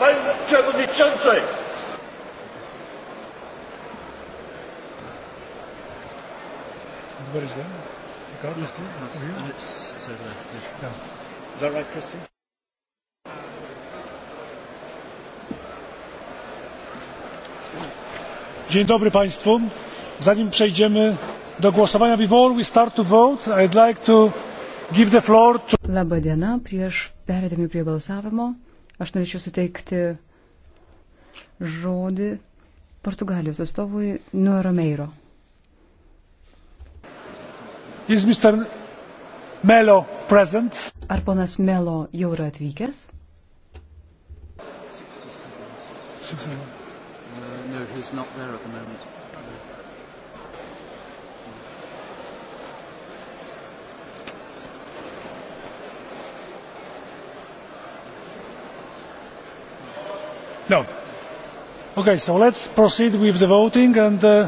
Panie Przewodniczący! Where is that? The card is there? Over here? And uh, it's, it's over there. Yeah. yeah. Is that right, Christy? Dzień dobry Państwu. Zanim przejdziemy do głosowania, before we start to vote, I'd like to give the floor to... Labą dieną, prieš perėdami prie balsavimo, Aš norėčiau suteikti žodį Portugalijos atstovui Nuo Romeiro. Is Mr. Melo present? Ar ponas Melo jau yra atvykęs? Six, six, seven. Uh, no, he's not there at the moment. No. Okay, so let's proceed with the voting and uh,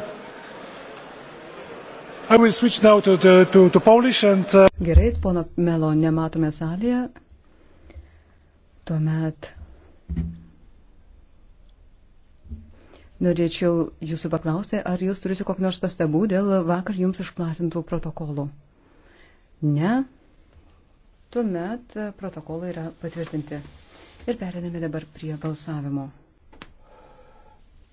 I will switch now to, to, to, to Polish and... Uh... Gerai, pono Melo nematome salėje. Tuomet norėčiau jūsų paklausti, ar jūs turite kokį nors pastabų dėl vakar jums išplatintų protokolų? Ne? Tuomet protokolai yra patvirtinti. Ir periname dabar prie balsavimo.